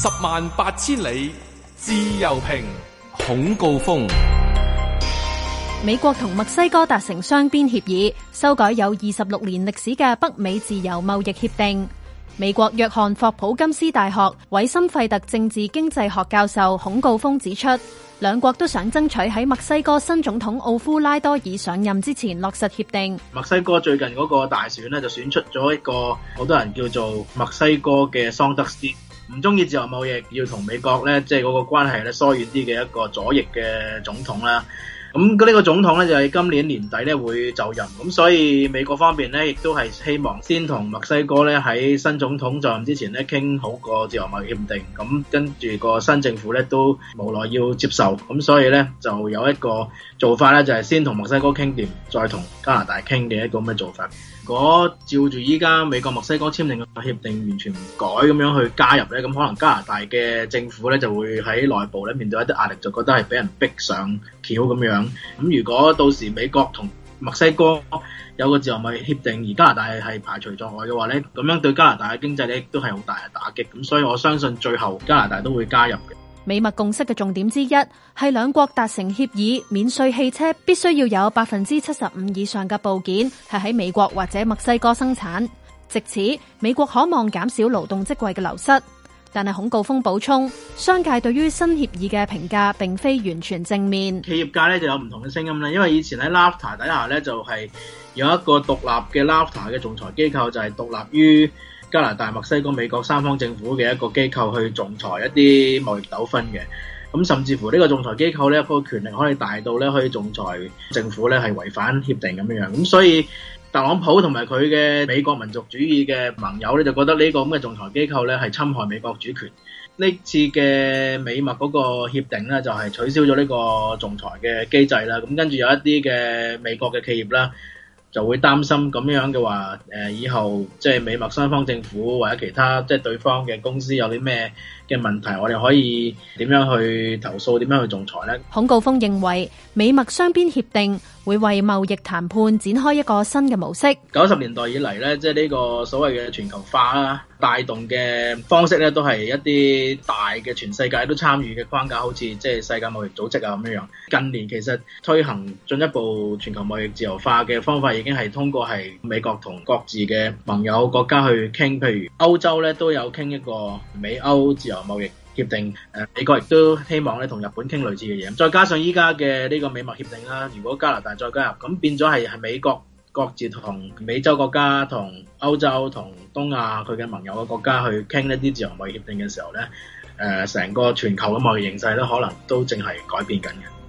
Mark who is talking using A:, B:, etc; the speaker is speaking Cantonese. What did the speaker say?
A: 十萬八千里，自由評，孔誥峰。
B: 美國同墨西哥達成雙邊協議，修改有二十六年歷史嘅北美自由貿易協定。美國約翰霍普金斯大學韋森費特政治經濟學教授孔誥峰指出，兩國都想爭取喺墨西哥新總統奧夫拉多爾上任之前落實協定。
A: 墨西哥最近嗰個大選呢，就選出咗一個好多人叫做墨西哥嘅桑德斯。唔中意自由貿易，要同美國咧，即係嗰個關係咧疏遠啲嘅一個左翼嘅總統啦。咁呢個總統咧就係今年年底咧會就任，咁所以美國方面咧亦都係希望先同墨西哥咧喺新總統就任之前咧傾好個自由貿易協定，咁跟住個新政府咧都無奈要接受，咁所以咧就有一個做法咧就係先同墨西哥傾掂，再同加拿大傾嘅一個咁嘅做法。如果照住依家美國墨西哥簽訂嘅協定完全唔改咁樣去加入咧，咁可能加拿大嘅政府咧就會喺內部咧面對一啲壓力，就覺得係俾人逼上橋咁樣。咁如果到時美國同墨西哥有個自由貿易協定，而加拿大係排除在外嘅話咧，咁樣對加拿大嘅經濟咧都係好大嘅打擊。咁所以我相信最後加拿大都會加入嘅。
B: 美墨共識嘅重點之一係兩國達成協議，免稅汽車必須要有百分之七十五以上嘅部件係喺美國或者墨西哥生產。借此，美國可望減少勞動職位嘅流失。但係孔誥峰補充，商界對於新協議嘅評價並非完全正面。企
A: 業界咧就有唔同嘅聲音啦，因為以前喺 NAFTA 底下咧就係、是、有一個獨立嘅 NAFTA 嘅仲裁機構，就係、是、獨立於加拿大、墨西哥、美國三方政府嘅一個機構去仲裁一啲貿易糾紛嘅。咁甚至乎呢個仲裁機構咧，個權力可以大到咧可以仲裁政府咧係違反協定咁樣樣。咁所以。特朗普同埋佢嘅美國民族主義嘅盟友咧，就覺得呢個咁嘅仲裁機構咧係侵害美國主權。呢次嘅美墨嗰個協定咧，就係取消咗呢個仲裁嘅機制啦。咁跟住有一啲嘅美國嘅企業啦。就會擔心咁樣嘅話，誒以後即係美墨雙方政府或者其他即係對方嘅公司有啲咩嘅問題，我哋可以點樣去投訴，點樣去仲裁咧？
B: 孔誥峰認為，美墨雙邊協定會為貿易談判展開一個新嘅模式。九十
A: 年代以嚟咧，即係呢個所謂嘅全球化啊帶動嘅方式咧，都係一啲大嘅全世界都參與嘅框架，好似即係世界貿易組織啊咁樣樣，近年其實推行進一步全球貿易自由化嘅方法。已經係通過係美國同各自嘅盟友國家去傾，譬如歐洲咧都有傾一個美歐自由貿易協定，誒、呃，美國亦都希望咧同日本傾類似嘅嘢。再加上依家嘅呢個美墨協定啦，如果加拿大再加入，咁變咗係係美國各自同美洲國家、同歐洲、同東亞佢嘅盟友嘅國家去傾一啲自由貿易協定嘅時候咧，誒、呃，成個全球嘅貿易形勢咧，可能都淨係改變緊嘅。